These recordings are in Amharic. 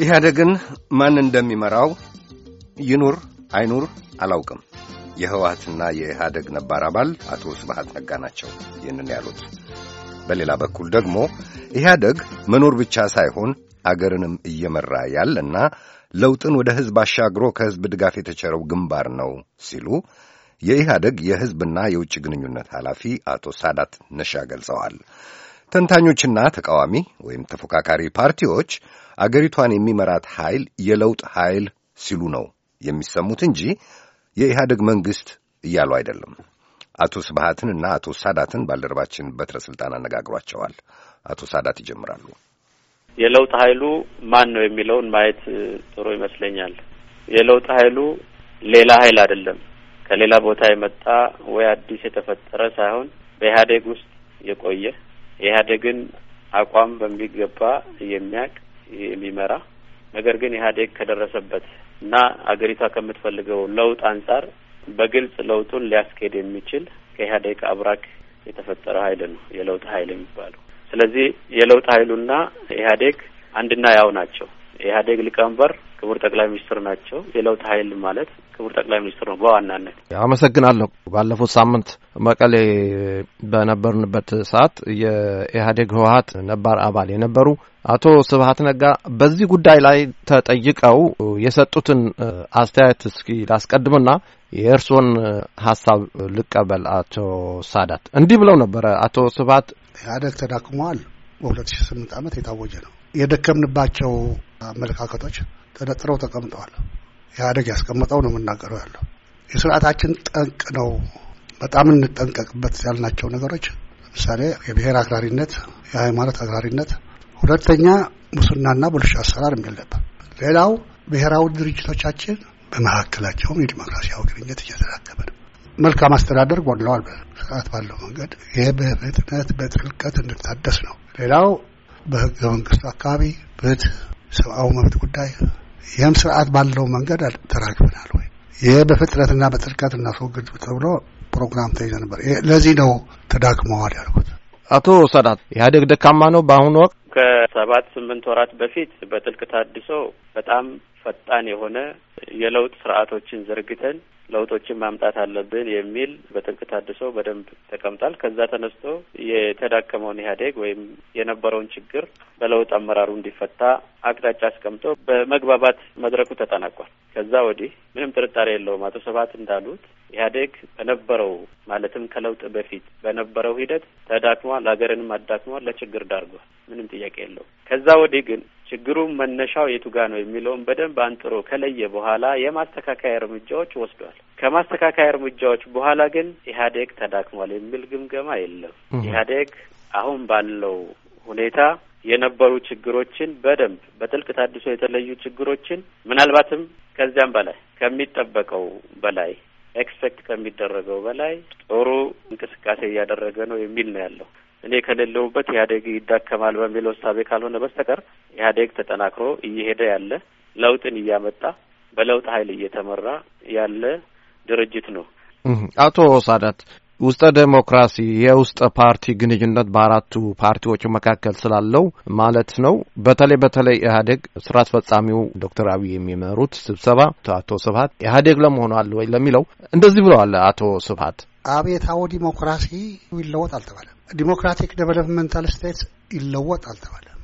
ኢህአደግን ማን እንደሚመራው ይኑር አይኑር አላውቅም። የህወሓትና የኢህአደግ ነባር አባል አቶ ስብሐት ነጋ ናቸው ይህንን ያሉት። በሌላ በኩል ደግሞ ኢህአደግ መኖር ብቻ ሳይሆን አገርንም እየመራ ያለና ለውጥን ወደ ሕዝብ አሻግሮ ከሕዝብ ድጋፍ የተቸረው ግንባር ነው ሲሉ የኢህአደግ የሕዝብና የውጭ ግንኙነት ኃላፊ አቶ ሳዳት ነሻ ገልጸዋል። ተንታኞችና ተቃዋሚ ወይም ተፎካካሪ ፓርቲዎች አገሪቷን የሚመራት ኃይል የለውጥ ኃይል ሲሉ ነው የሚሰሙት እንጂ የኢህአደግ መንግሥት እያሉ አይደለም። አቶ ስብሃትን እና አቶ ሳዳትን ባልደረባችን በትረ ስልጣን አነጋግሯቸዋል። አቶ ሳዳት ይጀምራሉ። የለውጥ ኃይሉ ማን ነው የሚለውን ማየት ጥሩ ይመስለኛል። የለውጥ ኃይሉ ሌላ ኃይል አይደለም። ከሌላ ቦታ የመጣ ወይ አዲስ የተፈጠረ ሳይሆን በኢህአዴግ ውስጥ የቆየ ኢህአዴግን አቋም በሚገባ የሚያውቅ የሚመራ ነገር ግን ኢህአዴግ ከደረሰበት እና አገሪቷ ከምትፈልገው ለውጥ አንጻር በግልጽ ለውጡን ሊያስኬድ የሚችል ከኢህአዴግ አብራክ የተፈጠረ ኃይል ነው የለውጥ ኃይል የሚባለው። ስለዚህ የለውጥ ኃይሉና ኢህአዴግ አንድና ያው ናቸው። የኢህአዴግ ሊቀመንበር ክቡር ጠቅላይ ሚኒስትር ናቸው። የለውጥ ኃይል ማለት ክቡር ጠቅላይ ሚኒስትር ነው በዋናነት። አመሰግናለሁ። ባለፉት ሳምንት መቀሌ በነበርንበት ሰዓት የኢህአዴግ ህወሀት ነባር አባል የነበሩ አቶ ስብሀት ነጋ በዚህ ጉዳይ ላይ ተጠይቀው የሰጡትን አስተያየት እስኪ ላስቀድምና የእርስዎን ሀሳብ ልቀበል። አቶ ሳዳት እንዲህ ብለው ነበረ። አቶ ስብሀት ኢህአዴግ ተዳክሟል። በሁለት ሺ ስምንት ዓመት የታወጀ ነው የደከምንባቸው አመለካከቶች ተነጥረው ተቀምጠዋል። ኢህአደግ ያስቀመጠው ነው የምናገረው ያለው የስርዓታችን ጠንቅ ነው። በጣም እንጠንቀቅበት ያልናቸው ነገሮች ለምሳሌ የብሔር አክራሪነት፣ የሃይማኖት አክራሪነት፣ ሁለተኛ ሙስናና ብልሹ አሰራር የሚለበ ሌላው ብሔራዊ ድርጅቶቻችን በመካከላቸውም የዲሞክራሲያዊ ግንኙነት እየተዳከመ ነው። መልካም አስተዳደር ጎድለዋል። ስርዓት ባለው መንገድ ይሄ በፍጥነት በጥልቀት እንድታደስ ነው። ሌላው በህገ መንግስቱ አካባቢ ፍትህ፣ ሰብአዊ መብት ጉዳይ ይህም ስርዓት ባለው መንገድ ተራግፈናል ወይ? ይህ በፍጥነትና በጥልቀት እናስወግድ ተብሎ ፕሮግራም ተይዘ ነበር። ለዚህ ነው ተዳክመዋል ያልኩት። አቶ ሰዳት ኢህአዴግ ደካማ ነው በአሁኑ ወቅት ከሰባት ስምንት ወራት በፊት በጥልቅ ታድሶ በጣም ፈጣን የሆነ የለውጥ ስርዓቶችን ዘርግተን ለውጦችን ማምጣት አለብን የሚል በጥልቅ ታድሶ በደንብ ተቀምጧል። ከዛ ተነስቶ የተዳከመውን ኢህአዴግ ወይም የነበረውን ችግር በለውጥ አመራሩ እንዲፈታ አቅጣጫ አስቀምጦ በመግባባት መድረኩ ተጠናቋል። ከዛ ወዲህ ምንም ጥርጣሬ የለውም አቶ ሰባት እንዳሉት ኢህአዴግ በነበረው ማለትም ከለውጥ በፊት በነበረው ሂደት ተዳክሟል፣ ሀገርንም አዳክሟል፣ ለችግር ዳርጓል። ምንም ጥያቄ የለው። ከዛ ወዲህ ግን ችግሩ መነሻው የቱ ጋ ነው የሚለውን በደንብ አንጥሮ ከለየ በኋላ የማስተካከያ እርምጃዎች ወስዷል። ከማስተካከያ እርምጃዎች በኋላ ግን ኢህአዴግ ተዳክሟል የሚል ግምገማ የለም። ኢህአዴግ አሁን ባለው ሁኔታ የነበሩ ችግሮችን በደንብ በጥልቅ ታድሶ የተለዩ ችግሮችን ምናልባትም ከዚያም በላይ ከሚጠበቀው በላይ ኤክስፔክት ከሚደረገው በላይ ጥሩ እንቅስቃሴ እያደረገ ነው የሚል ነው ያለው። እኔ ከሌለሁበት ኢህአዴግ ይዳከማል በሚል እሳቤ ካልሆነ በስተቀር ኢህአዴግ ተጠናክሮ እየሄደ ያለ ለውጥን እያመጣ በለውጥ ኃይል እየተመራ ያለ ድርጅት ነው። አቶ ሳዳት ውስጠ ዴሞክራሲ የውስጠ ፓርቲ ግንኙነት በአራቱ ፓርቲዎች መካከል ስላለው ማለት ነው። በተለይ በተለይ ኢህአዴግ ስራ አስፈጻሚው ዶክተር አብይ የሚመሩት ስብሰባ አቶ ስብሀት ኢህአዴግ ለመሆኗል ወይ ለሚለው እንደዚህ ብለዋል አቶ ስብሀት አቤታው ዲሞክራሲ ይለወጥ አልተባለም። ዲሞክራቲክ ዴቨሎፕመንታል ስቴት ይለወጥ አልተባለም።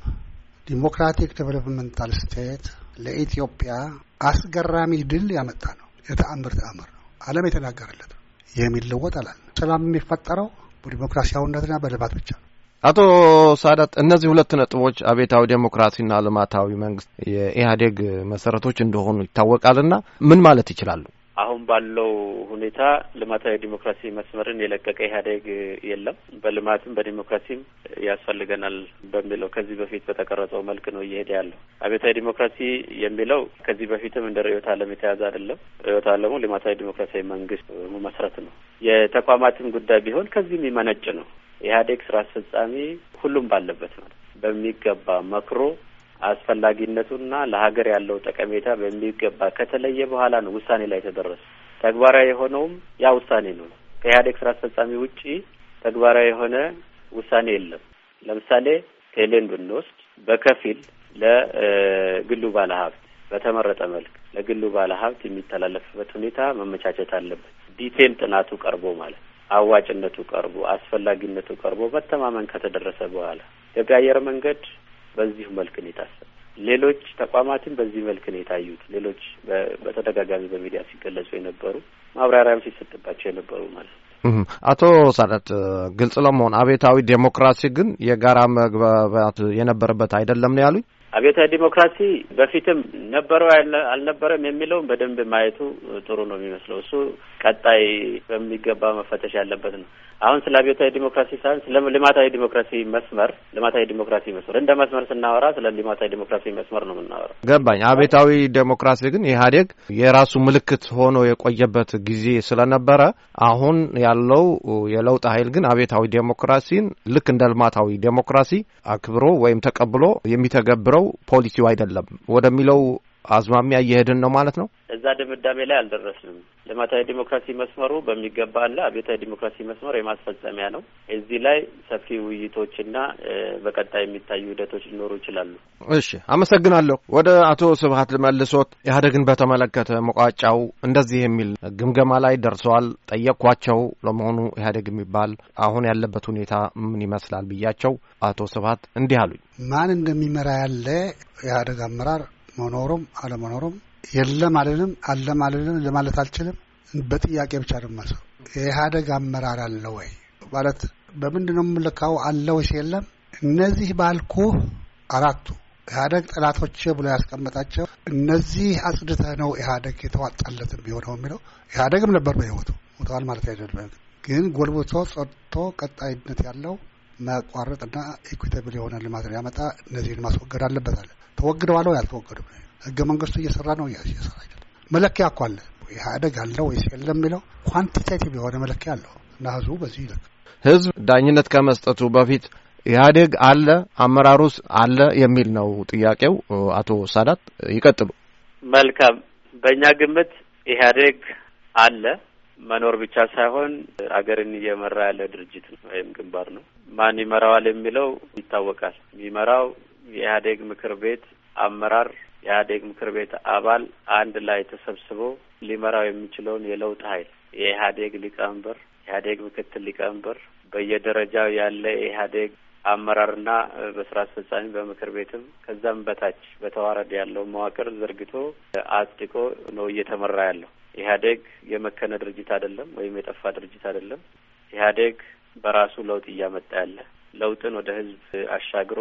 ዲሞክራቲክ ዴቨሎፕመንታል ስቴት ለኢትዮጵያ አስገራሚ ድል ያመጣ ነው። የተአምር ተአምር ነው። ዓለም የተናገረለት ነው። ይህም ይለወጥ አላል። ሰላም የሚፈጠረው በዲሞክራሲያዊነትና በልማት ብቻ ነው። አቶ ሳዳት እነዚህ ሁለት ነጥቦች አቤታዊ ዴሞክራሲና ልማታዊ መንግስት የኢህአዴግ መሰረቶች እንደሆኑ ይታወቃልና ምን ማለት ይችላሉ? አሁን ባለው ሁኔታ ልማታዊ ዲሞክራሲ መስመርን የለቀቀ ኢህአዴግ የለም። በልማትም በዲሞክራሲም ያስፈልገናል በሚለው ከዚህ በፊት በተቀረጸው መልክ ነው እየሄደ ያለው። አብዮታዊ ዲሞክራሲ የሚለው ከዚህ በፊትም እንደ ርዕዮተ ዓለም የተያዘ አይደለም። ርዕዮተ ዓለሙ ልማታዊ ዲሞክራሲያዊ መንግስት መመስረት ነው። የተቋማትም ጉዳይ ቢሆን ከዚህም የሚመነጭ ነው። ኢህአዴግ ስራ አስፈጻሚ ሁሉም ባለበት ማለት በሚገባ መክሮ አስፈላጊነቱና ለሀገር ያለው ጠቀሜታ በሚገባ ከተለየ በኋላ ነው ውሳኔ ላይ የተደረሰ። ተግባራዊ የሆነውም ያ ውሳኔ ነው። ከኢህአዴግ ስራ አስፈጻሚ ውጪ ተግባራዊ የሆነ ውሳኔ የለም። ለምሳሌ ቴሌን ብንወስድ በከፊል ለግሉ ባለሀብት በተመረጠ መልክ ለግሉ ባለሀብት የሚተላለፍበት ሁኔታ መመቻቸት አለበት። ዲቴል ጥናቱ ቀርቦ ማለት አዋጭነቱ ቀርቦ አስፈላጊነቱ ቀርቦ መተማመን ከተደረሰ በኋላ ኢትዮጵያ አየር መንገድ በዚሁ መልክ ነው የታሰበ። ሌሎች ተቋማትን በዚህ መልክ ነው የታዩት። ሌሎች በተደጋጋሚ በሚዲያ ሲገለጹ የነበሩ ማብራሪያም ሲሰጥባቸው የነበሩ ማለት ነው። አቶ ሳዳት ግልጽ ለመሆን አቤታዊ ዴሞክራሲ ግን የጋራ መግባባት የነበረበት አይደለም ነው ያሉኝ። አብዮታዊ ዴሞክራሲ በፊትም ነበረው አልነበረም የሚለውን በደንብ ማየቱ ጥሩ ነው የሚመስለው እሱ ቀጣይ በሚገባ መፈተሽ ያለበት ነው። አሁን ስለ አብዮታዊ ዲሞክራሲ ሳይሆን ስለ ልማታዊ ዲሞክራሲ መስመር ልማታዊ ዲሞክራሲ መስመር እንደ መስመር ስናወራ ስለ ልማታዊ ዲሞክራሲ መስመር ነው የምናወራው። ገባኝ። አብዮታዊ ዲሞክራሲ ግን ኢህአዴግ የራሱ ምልክት ሆኖ የቆየበት ጊዜ ስለነበረ አሁን ያለው የለውጥ ኃይል ግን አብዮታዊ ዲሞክራሲን ልክ እንደ ልማታዊ ዲሞክራሲ አክብሮ ወይም ተቀብሎ የሚተገብረው ፖሊሲው አይደለም ወደሚለው አዝማሚያ እየሄድን ነው ማለት ነው። እዛ ድምዳሜ ላይ አልደረስንም። ልማታዊ ዲሞክራሲ መስመሩ በሚገባ አለ። አብዮታዊ ዲሞክራሲ መስመር የማስፈጸሚያ ነው። እዚህ ላይ ሰፊ ውይይቶችና በቀጣይ የሚታዩ ሂደቶች ሊኖሩ ይችላሉ። እሺ፣ አመሰግናለሁ። ወደ አቶ ስብሀት ልመልሶት ኢህአዴግን በተመለከተ መቋጫው እንደዚህ የሚል ግምገማ ላይ ደርሰዋል። ጠየቅኳቸው። ለመሆኑ ኢህአዴግ የሚባል አሁን ያለበት ሁኔታ ምን ይመስላል ብያቸው አቶ ስብሀት እንዲህ አሉኝ። ማን እንደሚመራ ያለ ኢህአዴግ አመራር መኖሩም አለመኖሩም የለም አልልም አለም አልልም ለማለት አልችልም። በጥያቄ ብቻ ድማ የኢህአደግ አመራር አለ ወይ ማለት በምንድን ነው የምልካው? አለ ወይስ የለም? እነዚህ ባልኩ አራቱ ኢህአደግ ጠላቶች ብሎ ያስቀመጣቸው እነዚህ አጽድተህ ነው ኢህአደግ የተዋጣለት ቢሆነው የሚለው ኢህአደግም ነበር በህይወቱ ሞተዋል ማለት አይደለም፣ ግን ጎልብቶ ጸድቶ ቀጣይነት ያለው መቋረጥና ኢኩቴብል የሆነ ልማት ያመጣ እነዚህን ማስወገድ አለበታል። ተወግደዋል ወይ ህገ መንግስቱ እየሰራ ነው እየሰራ አይደለም? መለኪያ እኮ አለ። ኢህአደግ አለው ወይስ የለም የሚለው ኳንቲቴቲቭ የሆነ መለኪያ አለው እና ህዝቡ በዚህ ይለክ ህዝብ ዳኝነት ከመስጠቱ በፊት ኢህአዴግ አለ አመራሩስ አለ የሚል ነው ጥያቄው። አቶ ሳዳት ይቀጥሉ። መልካም። በእኛ ግምት ኢህአዴግ አለ መኖር ብቻ ሳይሆን አገርን እየመራ ያለ ድርጅት ነው ወይም ግንባር ነው። ማን ይመራዋል የሚለው ይታወቃል። የሚመራው የኢህአዴግ ምክር ቤት አመራር የኢህአዴግ ምክር ቤት አባል አንድ ላይ ተሰብስቦ ሊመራው የሚችለውን የለውጥ ኃይል የኢህአዴግ ሊቀመንበር፣ ኢህአዴግ ምክትል ሊቀመንበር፣ በየደረጃው ያለ የኢህአዴግ አመራርና በስራ አስፈጻሚ በምክር ቤትም ከዛም በታች በተዋረድ ያለው መዋቅር ዘርግቶ አጽድቆ ነው እየተመራ ያለው። ኢህአዴግ የመከነ ድርጅት አይደለም፣ ወይም የጠፋ ድርጅት አይደለም። ኢህአዴግ በራሱ ለውጥ እያመጣ ያለ ለውጥን ወደ ህዝብ አሻግሮ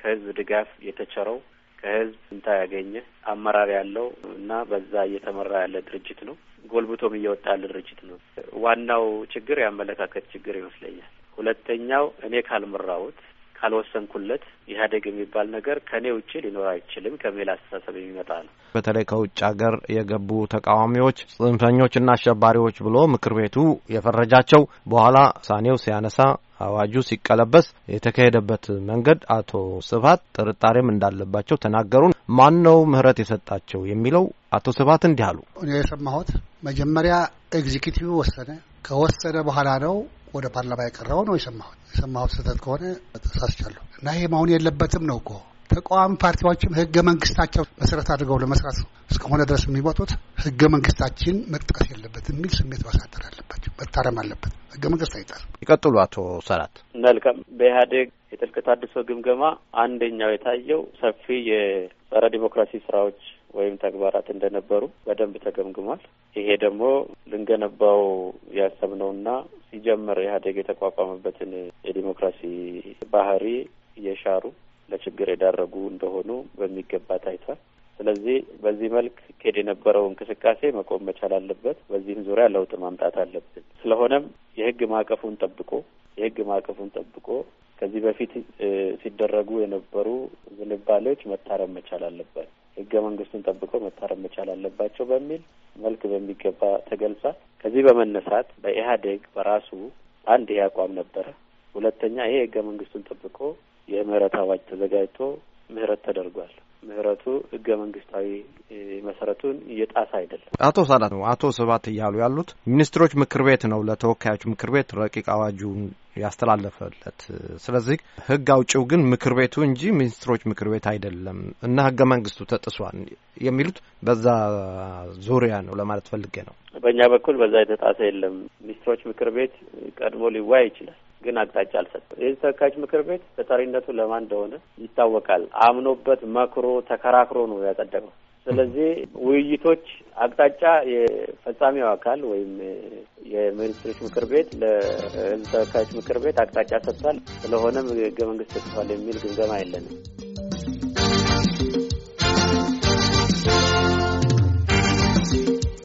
ከህዝብ ድጋፍ የተቸረው ከህዝብ ስንታ ያገኘ አመራር ያለው እና በዛ እየተመራ ያለ ድርጅት ነው። ጎልብቶም እየወጣ ያለ ድርጅት ነው። ዋናው ችግር የአመለካከት ችግር ይመስለኛል። ሁለተኛው እኔ ካልመራሁት ካልወሰንኩለት ኢህአዴግ የሚባል ነገር ከእኔ ውጭ ሊኖር አይችልም ከሚል አስተሳሰብ የሚመጣ ነው። በተለይ ከውጭ ሀገር የገቡ ተቃዋሚዎች፣ ጽንፈኞችና አሸባሪዎች ብሎ ምክር ቤቱ የፈረጃቸው በኋላ ሳኔው ሲያነሳ አዋጁ ሲቀለበስ የተካሄደበት መንገድ አቶ ስብሀት ጥርጣሬም እንዳለባቸው ተናገሩን። ማን ነው ምህረት የሰጣቸው የሚለው አቶ ስብሀት እንዲህ አሉ። እኔ የሰማሁት መጀመሪያ ኤግዚኪቲቭ ወሰነ። ከወሰነ በኋላ ነው ወደ ፓርላማ የቀረበው ነው የሰማሁት። የሰማሁት ስህተት ከሆነ ተሳስቻለሁ እና ይሄ መሆን የለበትም ነው እኮ ተቃዋሚ ፓርቲዎችም ህገ መንግስታቸው መሰረት አድርገው ለመስራት እስከሆነ ድረስ የሚሞቱት ህገ መንግስታችን መጥቀስ የለበት የሚል ስሜት ማሳደር አለባቸው። መታረም አለበት። ህገ መንግስት አይጣል። ይቀጥሉ አቶ ሰራት። መልካም። በኢህአዴግ የጥልቅ ተሃድሶ ግምገማ አንደኛው የታየው ሰፊ የጸረ ዲሞክራሲ ስራዎች ወይም ተግባራት እንደነበሩ በደንብ ተገምግሟል። ይሄ ደግሞ ልንገነባው ያሰብነውና ሲጀምር ኢህአዴግ የተቋቋመበትን የዲሞክራሲ ባህሪ የሻሩ ለችግር የዳረጉ እንደሆኑ በሚገባ ታይቷል። ስለዚህ በዚህ መልክ ኬድ የነበረው እንቅስቃሴ መቆም መቻል አለበት። በዚህም ዙሪያ ለውጥ ማምጣት አለብን። ስለሆነም የህግ ማዕቀፉን ጠብቆ የህግ ማዕቀፉን ጠብቆ ከዚህ በፊት ሲደረጉ የነበሩ ዝንባሌዎች መታረም መቻል አለበት። ህገ መንግስቱን ጠብቆ መታረም መቻል አለባቸው በሚል መልክ በሚገባ ተገልጿል። ከዚህ በመነሳት በኢህአዴግ በራሱ አንድ ይሄ አቋም ነበረ። ሁለተኛ ይሄ ህገ መንግስቱን ጠብቆ የምህረት አዋጅ ተዘጋጅቶ ምህረት ተደርጓል። ምህረቱ ህገ መንግስታዊ መሰረቱን እየጣሰ አይደለም። አቶ ሳላት ነው አቶ ስባት እያሉ ያሉት ሚኒስትሮች ምክር ቤት ነው ለተወካዮች ምክር ቤት ረቂቅ አዋጁን ያስተላለፈለት። ስለዚህ ህግ አውጪው ግን ምክር ቤቱ እንጂ ሚኒስትሮች ምክር ቤት አይደለም እና ህገ መንግስቱ ተጥሷል የሚሉት በዛ ዙሪያ ነው ለማለት ፈልጌ ነው። በእኛ በኩል በዛ የተጣሰ የለም። ሚኒስትሮች ምክር ቤት ቀድሞ ሊዋይ ይችላል። ግን አቅጣጫ አልሰጠም። የህዝብ ተወካዮች ምክር ቤት ተጠሪነቱ ለማን እንደሆነ ይታወቃል። አምኖበት መክሮ ተከራክሮ ነው ያጸደቀው። ስለዚህ ውይይቶች አቅጣጫ የፈጻሚው አካል ወይም የሚኒስትሮች ምክር ቤት ለህዝብ ተወካዮች ምክር ቤት አቅጣጫ ሰጥቷል። ስለሆነም ህገ መንግስት ተጽፏል የሚል ግምገማ የለንም።